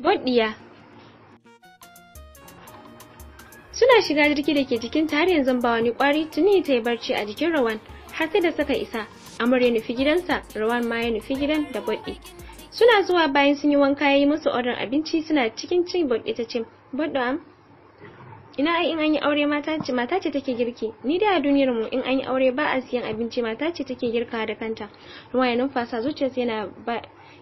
Bodiya. Suna shiga jirgi da ke jikin har yanzu ba wani kwari tuni ta yi barci a jikin Rawan har sai da suka isa. Amur ya nufi gidansa, Rawan ma ya nufi gidan da Bodi. Suna zuwa bayan sun yi wanka ya yi musu odar abinci suna cikin cin Bodi ta ce, Bodi am, ina ai in an yi aure mata ce mata ce take girki ni dai a duniyar mu in an yi aure ba a siyan abinci mata ce take girka da kanta ruwa ya numfasa zuciyarsa yana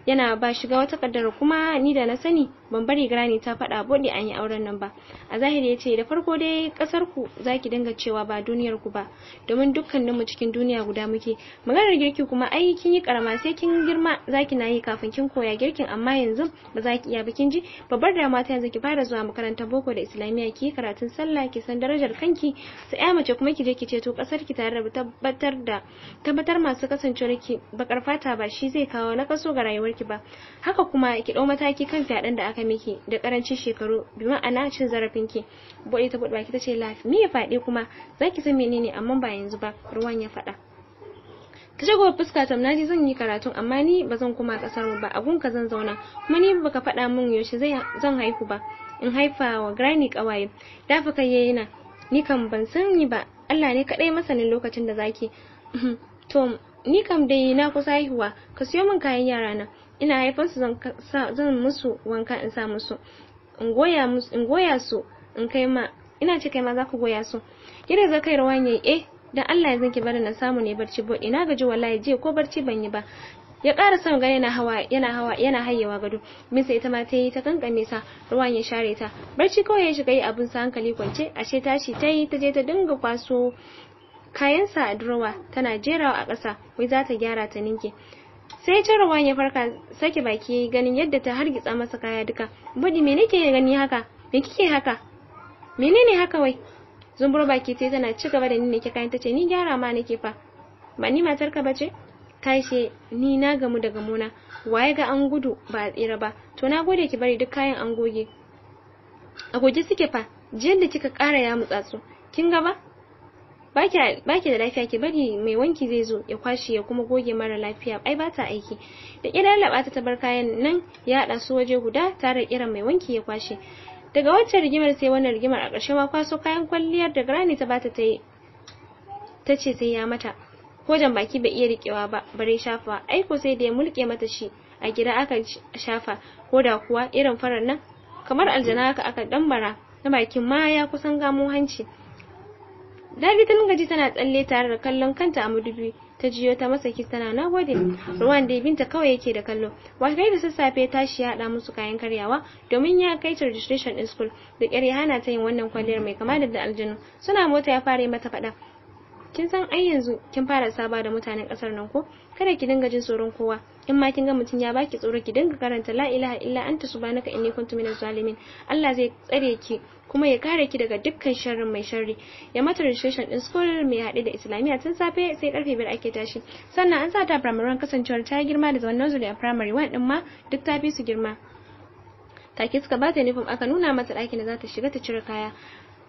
yana ba shiga wata kaddara kuma ni da na sani ban bari grani ta faɗa bode an yi auren nan ba a zahiri ya ce da farko dai ƙasar ku zaki dinga cewa ba duniyar ku ba domin dukkaninmu cikin duniya guda muke maganar girki kuma ai kin yi karama sai kin girma zaki na yi kafin kin koya girkin amma yanzu ba za iya ba kin ji babbar dama ta yanzu ki fara zuwa makarantar boko da islamiyya ki karatun sallah ki san darajar kanki sai ya mace kuma ki je ki ceto kasar ki tare da tabbatar da tabbatar masu kasancewar ki bakar fata ba shi zai kawo na kaso ga rayuwarki ba haka kuma ki ɗau mataki kan fyaɗen da aka miki da karancin shekaru bi ma'ana cin zarafin ki bude ta bude baki tace lafi me ya faɗi kuma zaki san menene amma ba yanzu ba ruwan ya faɗa ta ce fuska ta na ji zan yi karatun amma ni bazan zan koma kasar mu ba a gunka zan zauna kuma ni baka faɗa min yaushe zan haihu ba in haifa wa granny kawaye dafa kai yayi na ni kam ban sani ba Allah ne kadai masanin lokacin da zaki to ni kam dai na kusa haihuwa ka siyo min kayan yara na ina haifar su zan musu wanka in sa musu in goya su in kai ma ina ce kai ma za ku goya su kira ga kai rawan yayi eh dan Allah zan ki bari na samu ne barci bo ina gaji wallahi je ko barci ban yi ba ya kara son gani yana hawa yana hawa yana hayyewa gado misa ita ma ta yi ta kankane sa ruwan ya share ta barci kawai ya shiga yi abun sa hankali kwance ashe tashi ta yi ta je ta dinga kwaso kayansa a durowa tana jerawa a kasa wai za ta gyara ta ninke sai jarrawan ya farka sake baki ganin yadda ta hargitsa masa kaya duka budi me nake gani haka me kike haka menene haka wai zumbur baki sai tana ci gaba da ni nake kayan tace ni gyara ma nake fa ba ni ka bace tashi ni na gamu daga mona waye ga an gudu ba a tsira ba to na gode ki bari duk kayan an goge a goge suke fa jiyar da kika kara ya mutsatsu kin gaba. baki da lafiya ke bari mai wanki zai zo ya kwashe ya kuma goge mara lafiya ai ba ta aiki da kira laba ta bar kayan nan ya hada su waje guda tare kiran mai wanki ya kwashe daga wacce rigimar sai wannan rigimar a ƙarshe ma kwaso kayan kwalliyar da grani ta bata tayi ta ce sai ya mata ko jan baki bai iya rikewa ba bare shafa aiko sai da ya mulke mata shi a gida aka shafa ko da kuwa irin farar nan kamar aljana haka aka dambara na bakin ma ya kusan gamo hanci Dabi ta gaji tana tsalle tare da kallon kanta a madubi ta jiyo ta masa kis tana nagode. Ruwan da binta kawai yake da kallo. kai da sassafe ta shi ya hada musu kayan karyawa domin ya kai ta registration din school. Da kyar ya hana ta yin wannan kwalliyar mai kama da aljanu. Suna mota ya fara mata faɗa. kin san ai yanzu kin fara saba da mutanen kasar nan ko kada ki dinga jin tsoron kowa in ma kin ga mutum ya baki tsoro ki dinga karanta la ilaha illa anta subhanaka inni kuntu minaz zalimin Allah zai tsare ki kuma ya kare ki daga dukkan sharrin mai sharri ya mata registration din school mai hade da islamiyya tun safe sai karfe biyar ake tashi sannan an sa ta primary kasancewar ta girma da zaman nursery a primary 1 din ma duk ta fi su girma take suka bata uniform aka nuna mata ɗakin da za ta shiga ta cire kaya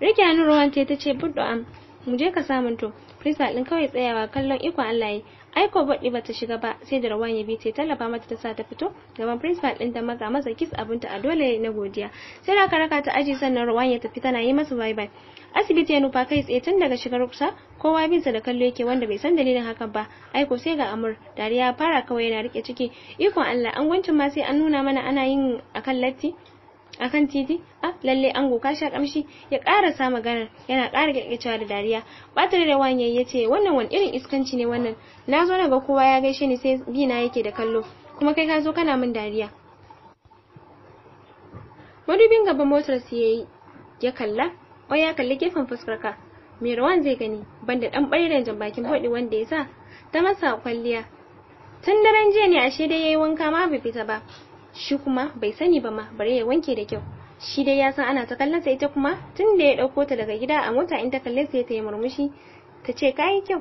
rike hannun ruwan ta ce buddo am mu je ka samunto principal din kawai tsayawa kallon iko Allah yi aiko baɗi bata shiga ba sai da rawan bi ta tallafa mata ta sa ta fito gaban principal din da maza masa kiss abinta a dole na godiya sai da aka raka ta aji sannan rawan ya tafi tana yi masa bye bye asibiti ya nufa kai tsaye tun daga shigar kusa kowa bin sa da kallo yake wanda bai san dalilin hakan ba aiko sai ga amur dariya fara kawai yana rike ciki iko Allah an gwancin ma sai an nuna mana ana yin akan latti akan titi a ah, lalle ango ka sha kamshi ya karasa magana yana kara kirkicewa da dariya batar da wanye yace wannan wani irin iskanci ne wannan na zo na ga kowa ya gaishe ni sai bina yake da kallo kuma kai ka zo kana min dariya madubin gaba motar su yayi ya kalla o ya kalli gefen fuskar ka me rawan zai gani banda dan bariren jan bakin hodi wanda ya sa ta masa kwalliya tun daren jiya ne ashe dai yayi wanka ma bai fita ba shi kuma bai sani ba ma bare ya wanke da kyau shi dai ya san ana ta kallon sa ita kuma tun da ya dauko ta daga gida a mota in ta kalle sai ta yi murmushi ta ce kai kyau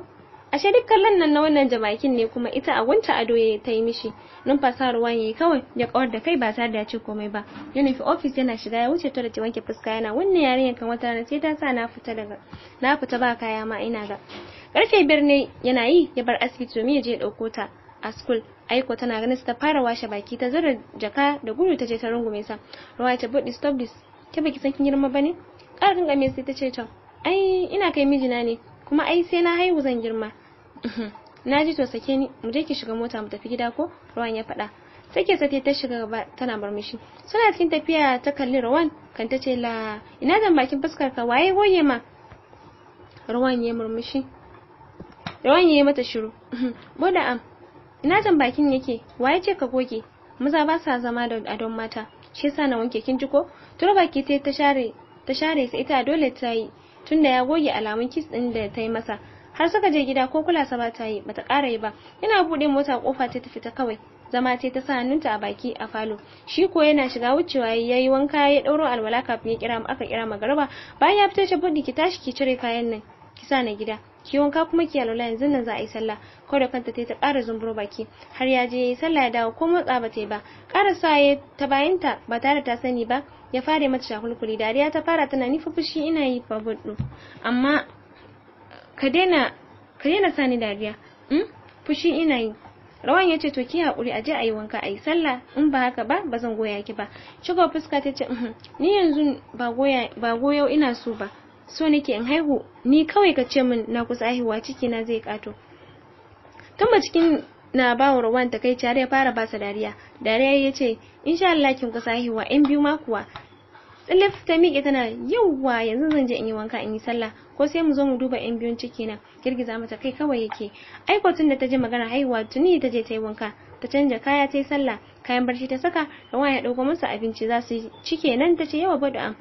ashe duk kallon nan na wannan jamakin ne kuma ita a wanta ado ya ta yi mishi numfasa ruwa yayi kawai ya kawar da kai ba tare da ya ce komai ba yunifi office ofis yana shiga ya wuce tare da wanke fuska yana wannan yarinyar kan wata rana sai ta sa na fita daga na fita ba kaya ma ina ga karfe birni yana yi ya bar asibiti domin ya je ya dauko ta a school aiko tana ganin su ta fara washe baki ta zura jaka da gudu ta ce ta rungume sa rawa ta bude stop this ke baki san kin girma bane ƙara game sai ta ce to ai ina kai mijina ne kuma ai sai na haihu zan girma na ji to sake ni mu je ki shiga mota mu tafi gida ko ruwan ya faɗa sake sate ta shiga gaba tana murmushi suna cikin tafiya ta kalli rawan kan ta ce la ina zan bakin fuskar ka waye goye ma rawan ya murmushi ruwan ya yi mata shiru boda am ina jan bakin yake waye ce ka goge maza ba sa zama da adon mata shi yasa na wanke kin ji ko turo baki ta ta share ta share sai ita dole ta yi tunda ya goge alamun kiss din da ta yi masa har suka je gida ko kula sa ba ta yi bata ƙara yi ba yana buɗe mota kofa ta tafi ta kawai zama ce ta sa hannunta a baki a falo shi ko yana shiga wucewa ya yi wanka ya ɗauro alwala kafin ya kira aka kira magarba bayan ya fita ce buɗe ki tashi ki cire kayan nan ki sa na gida ki wanka kuma ki alola yanzu nan za a yi sallah kawai da kanta ta ƙara zumburo baki har ya je yayi sallah ya dawo ko motsa ba ta yi ba ƙara sa ya ta bayanta ba tare ta sani ba ya fara mata shakulkuli dariya ta fara tana ni fushi ina yi fa amma ka daina ka daina sani dariya hmm? fushi ina yi rawan ya ce to ki haƙuri aje a yi wanka a yi sallah in ba haka ba ba zan goya ki ba shigo fuska ta ce uhm, ni yanzu ba goya goyo ina so ba so nake in haihu ni kawai ka ce min na kusa haihuwa ciki na zai kato tun cikin na ba wa ta kai tare ya fara basa dariya dariya ya ce insha Allah kin kusa haihuwa in biyu ma kuwa Tsilif ta miƙe tana yawwa yanzu zan je in yi wanka in yi sallah ko sai mu zo mu duba yan biyun ciki na girgiza mata kai kawai yake aiko tun da ta je magana haihuwa tuni ta je ta yi wanka ta canja kaya ta yi sallah kayan barci ta saka Rawan ya dauko masa abinci za su ci kenan ta ce yawa badu'am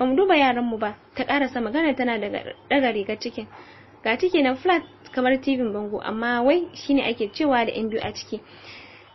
ba mu duba yaranmu ba ta karasa magana tana daga daga rigar cikin ga ciki nan flat kamar tv bango amma wai shine ake cewa da yan biyu a ciki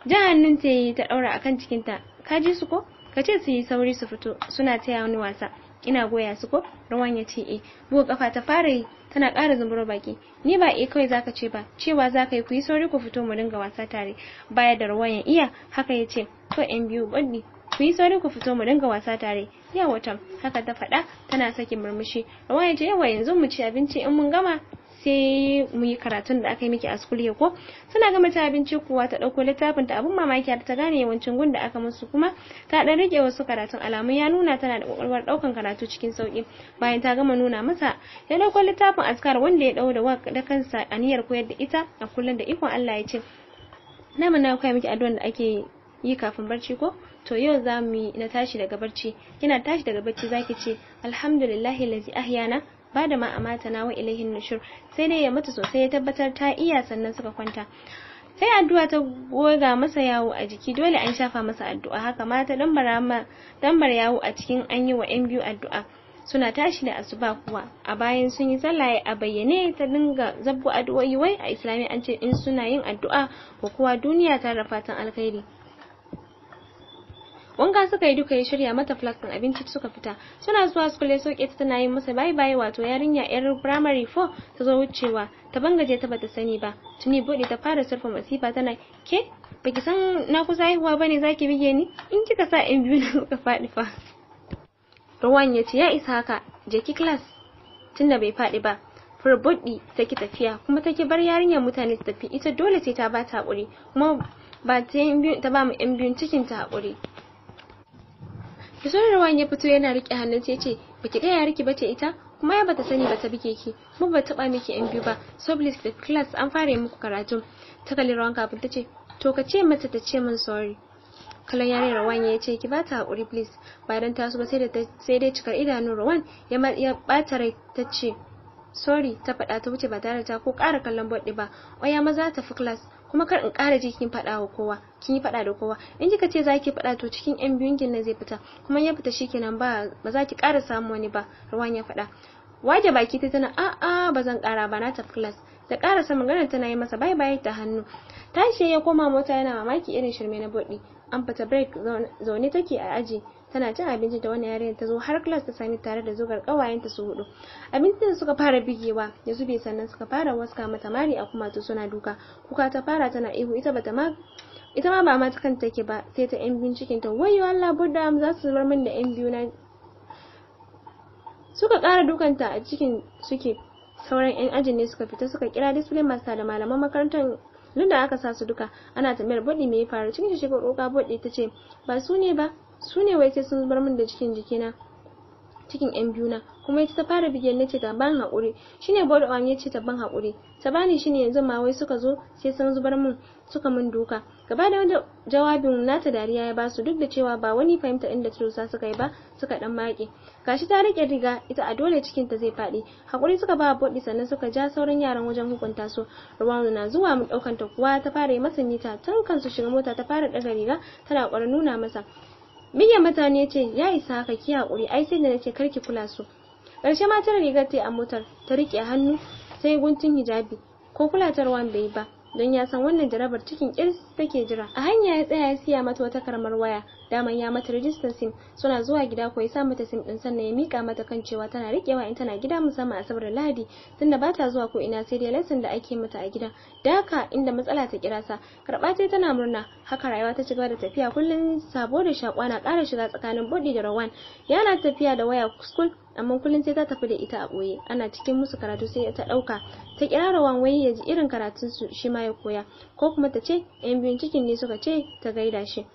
jan hannun ta yi ta daura akan cikinta ka ji su ko ka ce su yi sauri su fito suna taya wani wasa ina goya su ko rawan ya ce eh buga kafa ta fara yi tana ƙara zumburo baki ni ba eh kawai zaka ce ba cewa zaka yi ku yi sauri ku fito mu dinga wasa tare baya da rawan ya iya haka ya ce ko yan biyu bandi ku yi sauri ku fito mu dinga wasa tare ya watan haka ta faɗa tana sakin murmushi rawa ya ce yawa yanzu mu ci abinci in mun gama sai mu yi karatun da aka yi miki a school ko suna gama ta abinci kuwa ta ɗauko littafin ta abin mamaki ta gane yawancin gun da aka musu kuma ta ɗan rike wasu karatun alamu ya nuna tana da kwakwalwar ɗaukan karatu cikin sauki bayan ta gama nuna mata ya ɗauko littafin askar wanda ya ɗau da kansa aniyar koyar da ita a kullum da ikon Allah ya ce na mana kai miki addu'an da ake yi kafin barci ko to yau za mu yi na tashi daga barci kina tashi daga barci zaki ce alhamdulillahi lazi ahyana ba da ma amata na wa ilaihin nushur sai dai ya mutu sosai ya tabbatar ta iya sannan suka kwanta sai addu'a ta goga masa yawo a jiki dole an shafa masa addu'a haka mata bar yawo a cikin an yi wa yan biyu addu'a suna tashi da asuba kuwa a bayan sun yi sallah a bayyane ta dinga zabbu addu'o'i wai a islami an ce in suna yin addu'a ko kuwa duniya ta da fatan alkhairi wanga suka yi duka ya shirya mata flask din abinci suka fita suna zuwa su ya soke ta tana yin masa bye bye wato yarinya yar primary 4 ta zo wucewa ta bangaje ta bata sani ba tuni bude ta fara surfa masifa tana ke baki san na kusa haihuwa bane zaki bige ni in kika sa in biyu na suka faɗi fa Ruwan ya ce ya isa haka je ki class tunda bai faɗi ba furbuɗi take tafiya kuma take bar yarinyar mutane ta tafi ita dole sai ta ba ta haƙuri kuma ba ta ba mu yan biyun cikin ta haƙuri rawan ya fito yana rike hannunta ya ce, "Baki ya rike bace ita, kuma ya bata sani bata bike ki, mu ba miki yan biyu ba, sublis da class an fara yi muku karatu." Ta kalli rawan kafin ta ce, "To ka ce mata ta ce min sorry." kallon yare Rawan ya ce ki bata hakuri please ba dan taso ba sai da sai dai cikar idanun Rawan ya ya bata rai ta ce sorry ta faɗa ta wuce ba tare da ta ko kara kallon bodi ba oya maza ta fi class kuma kar in ƙara ji kin faɗa wa kowa kin yi faɗa da kowa in kika ce zaki faɗa to cikin yan biyun kin zai fita kuma ya fita shikenan ba ba za ki ƙara samu wani ba ruwan ya faɗa waje baki ta tana a'a ba zan ƙara ba na tafi class ƙara sa magana tana yi masa bye bye ta hannu tashi ya koma mota yana mamaki irin shirme na bodi an fita break zaune take a aji tana cin abinci da wani yarinyar ta zo har class ta sami tare da zogar kawayenta su hudu abincin da suka fara bigewa ya zube sannan suka fara waska mata mari a kuma ta suna duka kuka ta fara tana ihu ita bata ma ita ma ba ma ta kanta take ba sai ta yan binciken ta wayo Allah budda za su zubar min da yan biyu na suka kara dukanta a cikin suke sauran yan ajin ne suka fita suka kira display master da malaman makarantar lunda aka sa su duka ana tambayar bodi me ya faru cikin shi shiga roka bodi tace ba su ne ba su ne wai sai sun zubar min da cikin jikina cikin yan biyu na kuma ita ta fara bigen nace ta ban hakuri shine board on yace ta ban hakuri ta bani shine yanzu ma wai suka zo sai sun zubar min suka min duka gaba da wanda jawabin nata dariya ya basu duk da cewa ba wani fahimta inda turusa suka yi ba suka dan maki gashi ta rike riga ita a dole cikin ta zai fadi hakuri suka ba bodi sannan suka ja sauran yaran wajen hukunta su ruwanu na zuwa mu daukan ta kuwa ta fara yi masa nita tun kansu shiga mota ta fara daga riga tana kwara nuna masa Miyya mutane ya ce, ya isa haka ki haƙuri, ai sai da nace kar ki kula su. karshe matar rigar ta a motar, ta rike hannu, ta yi guntun hijabi, ko kulatarwan bai ba. don ya san wannan jarabar cikin kirs take jira a hanya ya tsaya ya siya mata wata karamar waya daman ya mata rijistar sim suna zuwa gida ko ya sa mata sim din sannan ya mika mata kan cewa tana rikewa in tana gida musamman asabar da lahadi tunda ba ta zuwa ko ina sai dai lesson da ake mata a gida daka inda matsala ta kira sa karba ta tana murna haka rayuwa ta cigaba da tafiya kullum sabo da shakwa na kara shiga tsakanin bodi da rawan yana tafiya da waya school amma kullum sai ta tafi da ita a ɓoye ana cikin musu karatu sai ta ɗauka ta kirara wanwaye ya ji irin karatun su shi ma ya koya ko kuma ta ce yan biyun cikin ne suka ce ta gaida shi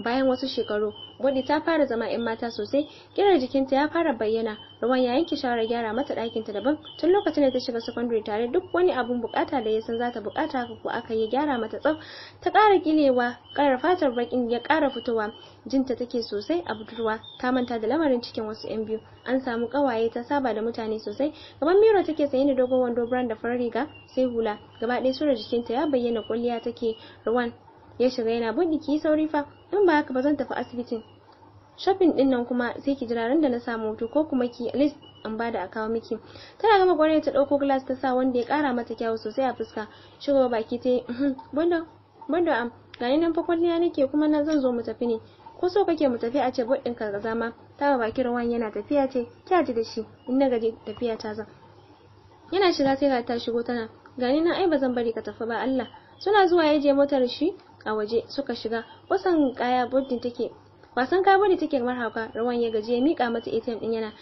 bayan wasu shekaru wadda ta fara zama 'yan mata sosai, kirar jikinta ya fara bayyana, Ruwan ya yanke shawarar gyara mata ɗakinta daban tun lokacin da ta shiga secondary tare duk wani abun bukata da ya san zata bukata ko aka yi gyara mata tsaf. Ta ƙara gilewa, ƙarar fatar bakin ya ƙara fitowa, jinta take sosai a budurwa, ta manta da lamarin cikin wasu 'yan biyu. An samu ƙawaye ta saba da mutane sosai, gaban miro take saye da dogon wando brand da farar riga sai hula, gaba ɗaya surar jikinta ya bayyana kwalliya take, Ruwan ya shiga yana buɗe ki sauri fa in ba haka ba zan tafi asibitin shopping din nan kuma sai ki jira da na samu hutu ko kuma ki list an bada a kawo miki tana gama gwarai ta dauko glass ta sa wanda ya kara mata kyawu sosai a fuska shigo baki ta yi bando uhm, bando am gani nan fa kwalliya nake kuma na zan zo mu tafi ne ko so kake mu tafi a ce buɗin karkaza ma ta ba baki rawan yana tafiya ce kya ji da shi in na gaji tafiya ta za yana shiga sai ta shigo tana gani nan ai ba zan bari ka tafi ba Allah suna zuwa yaje je motar shi a waje suka shiga wasan kaya burdin take wasan kaya burdin take kamar hauka rawan ya gaji ya mika mata ATM din yana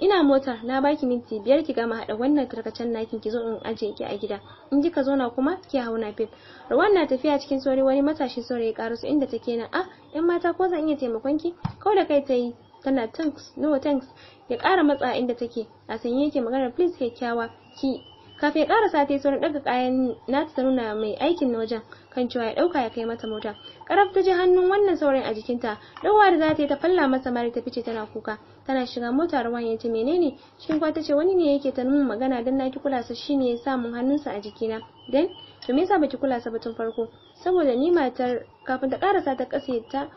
ina mota na baki minti biyar ki gama hada wannan tarkacen nakin ki zo in aje ki a gida in ka zo na kuma ki hau na fit rawan na tafiya cikin sauri wani matashi saurayi karasu inda take nan ah yan mata ko zan iya taimakon ki kau da kai tayi tana thanks no thanks ya kara matsa inda take a sanye yake magana please kyakkyawa ki kafin ya kara sati sauran daga kayan na ta nuna mai aikin na wajen kan cewa ya dauka ya kai mata mota karaf ta ji hannun wannan saurayin a jikinta dawa da za ta yi ta falla masa mari ta fice tana kuka tana shiga mota ruwan ya ce menene shin kwa ta ce wani ne yake ta nuna magana dan naki kula sa shine ya sa mun hannunsa a jikina dan to me yasa baki kula sa ba tun farko saboda ni matar kafin ta karasa ta kase ta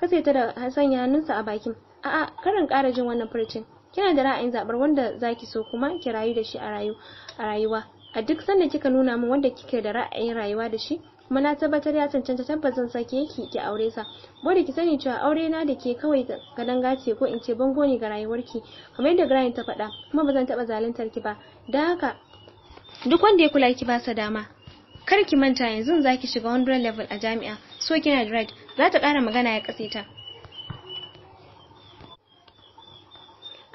kase ta da sanya hannunsa a bakin a'a karin kara jin wannan furcin kina da ra'ayin zabar wanda zaki so kuma ki rayu da shi a rayu a rayuwa a duk sanda kika nuna min wanda kike da ra'ayin rayuwa da shi kuma na tabbatar ya cancanta tabbas zan sake yake ki aure sa da ki sani cewa aure na da ke kawai ga dangace ko in ce bango ne ga rayuwarki kamar yadda Grain ta faɗa kuma ba zan taɓa zaluntar ki ba da haka duk wanda ya kula ki ba sa dama kar ki manta yanzu zaki shiga 100 level a jami'a so kina da right za ta ƙara magana ya kaseta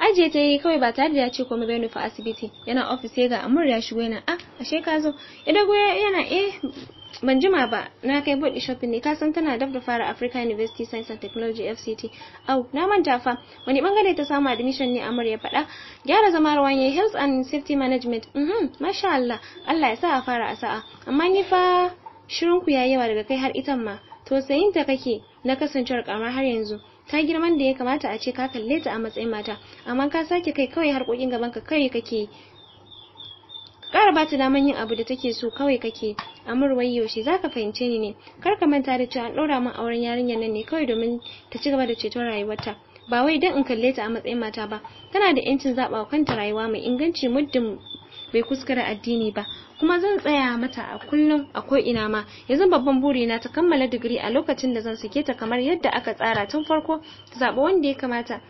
aje ta yi kawai ba tare da ya ce komai bai nufa asibiti yana ofis ya ga amur ya shigo yana a ah, ashe ka zo ya dago yana eh ban jima ba na kai bude shopping ne kasan tana daf da fara African University Science and Technology FCT au na manta fa wani bangare ta samu admission ne Amur ya faɗa gyara zama rawan yayi health and safety management mhm masha Allah Allah ya sa a fara a sa'a amma ni fa shirin ku yayi yawa daga kai har itan ma to sayin ta kake na kasancewar kamar har yanzu ta girman da ya kamata a ce ka kalle ta a matsayin mata amma ka sake kai kawai harkokin gaban ka kawai kake kara bata daman yin abu da take so kawai kake amurwai yaushe zaka fahimce ni ne kar ka manta da cewa an ɗora min auren yarinyar nan ne kawai domin ta ci gaba da ceton rayuwarta ba wai don in kalle ta a matsayin mata ba tana da yancin zaɓa kanta rayuwa mai inganci muddin bai kuskura addini ba kuma zan tsaya mata a kullum a ko ina ma yanzu babban buri na ta kammala digiri a lokacin da zan sake ta kamar yadda aka tsara tun farko ta zaɓi wanda ya kamata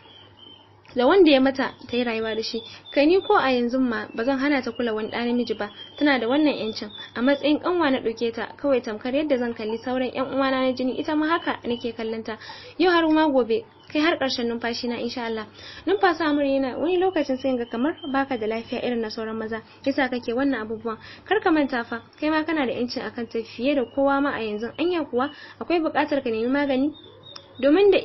da wanda ya mata ta yi rayuwa da shi kai ni ko a yanzu ma ba zan hana ta kula wani ɗa namiji ba tana da wannan yancin a matsayin kanwa na ɗauke ta kawai tamkar yadda zan kalli sauran ƴan uwana na jini ita ma haka nake kallon ta yau har ma gobe kai har ƙarshen numfashi na insha Allah numfasa amuri yana wani lokacin sai ga kamar baka da lafiya irin na sauran maza yasa kake wannan abubuwan kar ka manta fa kai ma kana da yancin akan ta fiye da kowa ma a yanzu anya kuwa akwai buƙatar ka nemi magani domin da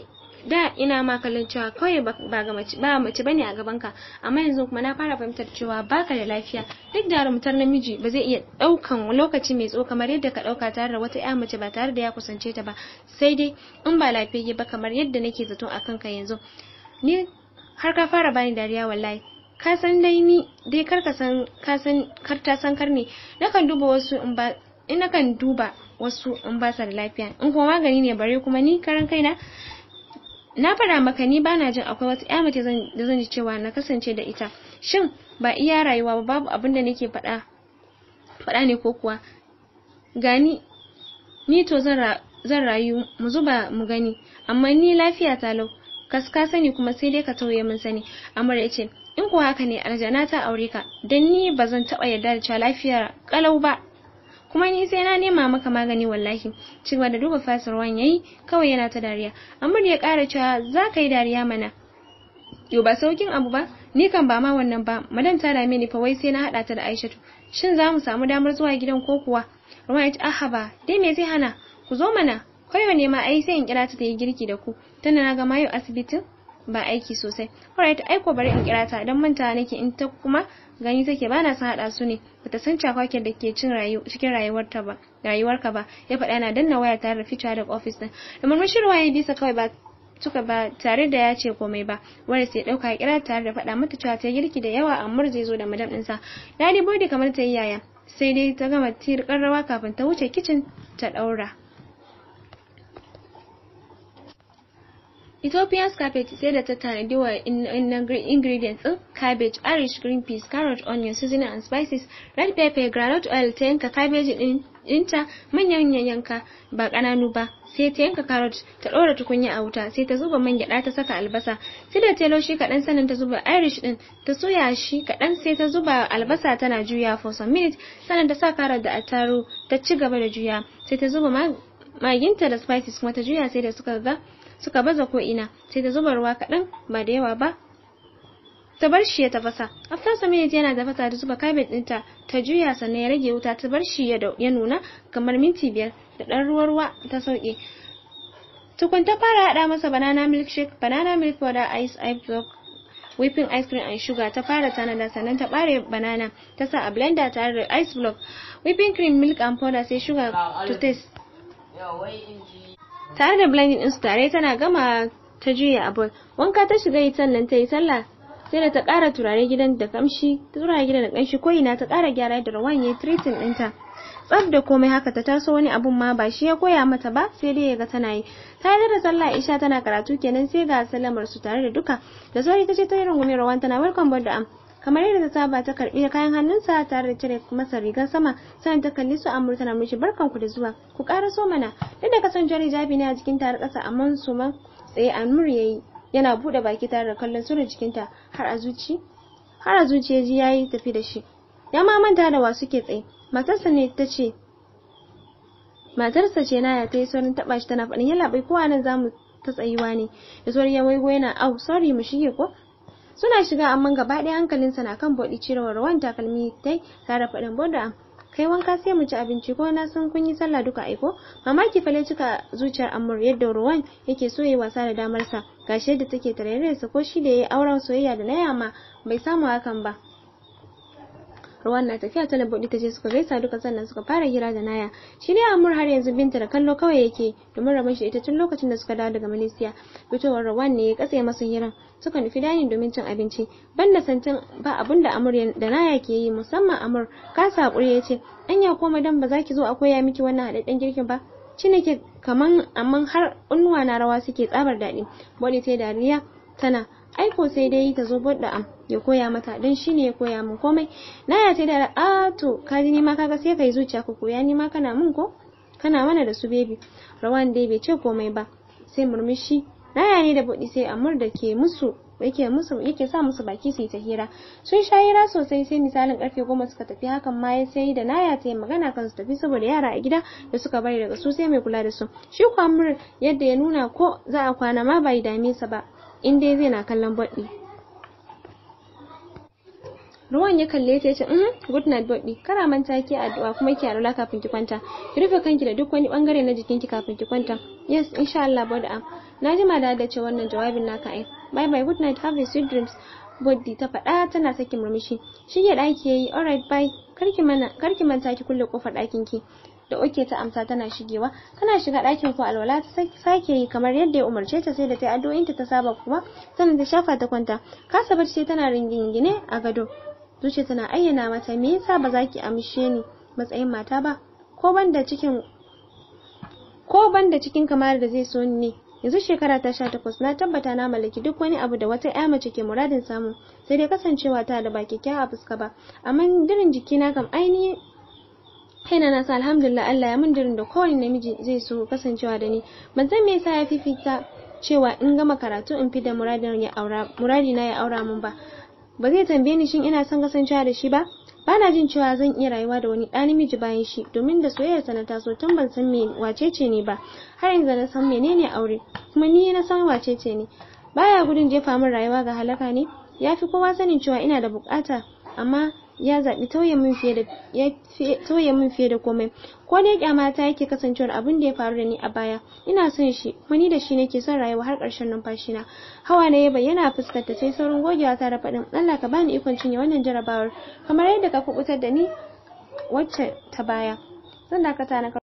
da ina ma kallon cewa kawai ba ga mace ba mace bane a gaban ka amma yanzu kuma na fara fahimtar cewa baka da lafiya duk da rumtar namiji ba zai iya daukan lokaci mai tsawo kamar yadda ka dauka tare da wata ƴa mace ba tare da ya kusance ta ba sai dai in ba lafiyayye ba kamar yadda nake zato akan ka yanzu ni har ka fara bani dariya wallahi ka san dai ni dai kar ka san ka san kar ta san kar ne nakan duba wasu in ba in eh nakan duba wasu in ba su da lafiya in kuma magani ne bare kuma ni karan kaina na fara maka ni bana jin akwai wata ƴa mace da zan ji cewa na kasance da ita shin ba iya rayuwa ba babu abin da nake faɗa faɗa ne ko kuwa gani ni to zan zan rayu mu zuba mu gani amma ni lafiya ta lau kaska sani kuma sai dai ka tauye min sani amara yace in ko haka ne aljana ta aure ka dan ni bazan taɓa yarda da cewa lafiya kalau ba kuma ni sai na nema maka magani wallahi cewa da duba wan yayi kawai yana ta dariya amur ya ƙara cewa za ka yi dariya mana yo ba saukin abu ba ni kan ba ma wannan ba madam ta dame ni fa wai sai na haɗa ta da aishatu shin za mu samu damar zuwa gidan ko kuwa ruwan ya ce ahaba dai me zai hana ku zo mana kawai ne ma ai sai in kira ta ta yi girki da ku tana na ga mayo asibitin ba aiki sosai alright aiko bari in kira ta dan manta nake in ta kuma gani take bana san hada su ne bata san cakwaken da ke cin cikin rayuwarta ba rayuwarka ba ya faɗa yana danna waya tare da fitowa da office din da murmushirwa ya bisa kawai ba tuka ba tare da ya ce komai ba ya sai dauka kira tare da faɗa mata cewa ta girki da yawa amma zai zo da madam ɗinsa dadi bodi kamar ta yi yaya sai dai ta gama tirkar rawa kafin ta wuce kicin ta ɗaura Ethiopian cabbage sai da ta tanadi wa ingredients din cabbage, Irish green peas, carrot, onion, seasoning and spices, red pepper, groundnut oil ta yanka cabbage din manyan yanka ba kananu ba sai ta yanka carrot ta ɗora tukunya a wuta sai ta zuba man gyaɗa ta saka albasa sai da ta loshi kaɗan sannan ta zuba irish din ta soya shi kaɗan sai ta zuba albasa tana juya for some minutes sannan ta sa carrot da attaru ta ci gaba da juya sai ta zuba maginta da spices kuma ta juya sai da suka ga suka baza ko ina sai ta zuba ruwa kaɗan ba da yawa ba ta bar shi ya tafasa after some minutes yana tafasa da zuba cabinet dinta ta juya sannan ya rage wuta ta bar shi ya nuna kamar minti biyar da ɗan ruwa ruwa ta sauke tukun ta fara hada masa banana milkshake banana milk powder ice ice block whipping ice cream and sugar ta fara tanada sannan ta bare banana ta sa a blender tare da ice block whipping cream milk and powder sai sugar to taste tare da blending din su tare tana gama ta juya a abun wanka ta shiga yi sannan ta yi sallah sai da ta ƙara turare gidan da kamshi turare gidan da kamshi ko ina ta ƙara gyara da rawan yayi treating ɗinta tsaf da komai haka ta taso wani abun ma ba shi ya koya mata ba sai dai yaga tana yi ta yi da sallah isha tana karatu kenan sai ga salamar su tare da duka da sauri ta ce ta yi rungume rawan tana welcome board da am kamar yadda ta saba ta karbi kayan hannunsa tare da cire masa rigar sama sannan ta kalli su amur tana mishi barkan ku da zuwa ku ƙara so mana duk da kasancewar hijabi ne a jikin tare kasa ƙasa amma su man tsaye amur yayi yana buɗe baki tare da kallon surar jikinta har a zuci har a zuciya ji yayi tafi da shi ya ma manta da wa suke tsaye matarsa ne ta ce matarsa ce naya ta yi saurin taɓa shi tana faɗin yalla bai kowa nan zamu ta tsayuwa ne da saurin ya waigo yana au sorry mu shige ko suna shiga amma gaba ɗaya sa na kan bodi cirewar ruwan takalmi tai tare faɗin boda kai wanka sai mu ci abinci ko na san kun yi sallah duka aiko mamaki fale cika zuciyar amur yadda ruwan yake so yi wasa da damarsa gashi yadda take sa ko shi da yayi auren soyayya da na yama bai samu hakan ba Ruwan na tafiya ta lambu ta je suka gaisa duka sannan suka fara hira da Naya. Shi ne Amur har yanzu binta da kallo kawai yake domin rabon shi ita tun lokacin da suka dawo daga Malaysia. Fitowar Ruwan ne ya katse masu hiran. Suka nufi dani domin cin abinci. ban Banda santin ba abun da Amur da Naya ke yi musamman Amur ka hakuri ya ce anya koma dan ba za ki zo a koya miki wannan haɗaɗɗen girkin ba. Ci ke kaman amman har kunnuwa na rawa suke tsabar daɗi. Bonnie ta yi dariya tana aiko sai dai ta zo budda ya koya mata don shine ya koya min komai na ya ta da a to ka ji nima kaga sai kai zuciya ka koya nima kana min ko kana mana da su bebi rawan dai bai ce komai ba sai murmushi naya ne da buɗi sai amur da ke musu yake musu yake sa musu baki su yi ta hira sun sha hira sosai sai misalin karfe goma suka tafi hakan ma sai da naya ta yi magana kan su tafi saboda yara a gida da suka bari daga su sai mai kula da su shi kwamur yadda ya nuna ko za a kwana ma bai dame sa ba in dai zai na kallon baɗi ruwan ya kalle ta yace mhm good night Bobby kara manta ki addu'a kuma ki alula kafin ki kwanta ki rufe kanki da duk wani bangare na jikinki kafin ki kwanta yes insha Allah body am na ji da da ce wannan jawabin naka ai bye bye good night have a sweet dreams Bobby ta faɗa tana sakin murmushi shige ɗaki yayi alright bye ki mana karki manta ki kulle kofar ɗakin ki da oke ta amsa tana shigewa tana shiga ɗakin ku alwala ta sake yi kamar yadda ya umarce ta sai da ta addu'o'inta ta saba kuma sannan ta shafa ta kwanta kasa bacci tana ringingine a gado zuci tana ayyana mata me yasa ba za ki amshe ni matsayin mata ba ko banda cikin ko banda cikin kamar da zai so ni yanzu shekara ta sha takwas na tabbata na mallaki duk wani abu da wata ƴa mace ke muradin samu sai dai kasancewa ta da ba kyakkyawa fuska ba amma dirin jikina kam ainihin kaina na sa alhamdulillah Allah ya mun da kowane namiji zai so kasancewa da ni ban san me yasa ya fifita cewa in gama karatu in fi da muradin ya aura muradi na ya aura mun ba ba zai tambaye ni shin ina son kasancewa da shi ba bana jin cewa zan iya rayuwa da wani dan namiji bayan shi domin da soyayyarsa na taso tun ban san me wacece ne ba har yanzu na san menene aure kuma ni na san wacece ne baya gudun jefa min rayuwa ga halaka ne ya fi kowa sanin cewa ina da bukata amma ya zaɓi tauye min fiye da ya tauye min fiye da komai ko dai ta yake kasancewar abin da ya faru da ni a baya ina son shi wani da shi nake son rayuwa har ƙarshen numfashi na hawa na ya bayyana fuskarta sai saurin gogewa ta da faɗin Allah ka bani ikon cinye wannan jarabawar kamar yadda ka kubutar da ni wacce ta baya zan dakata na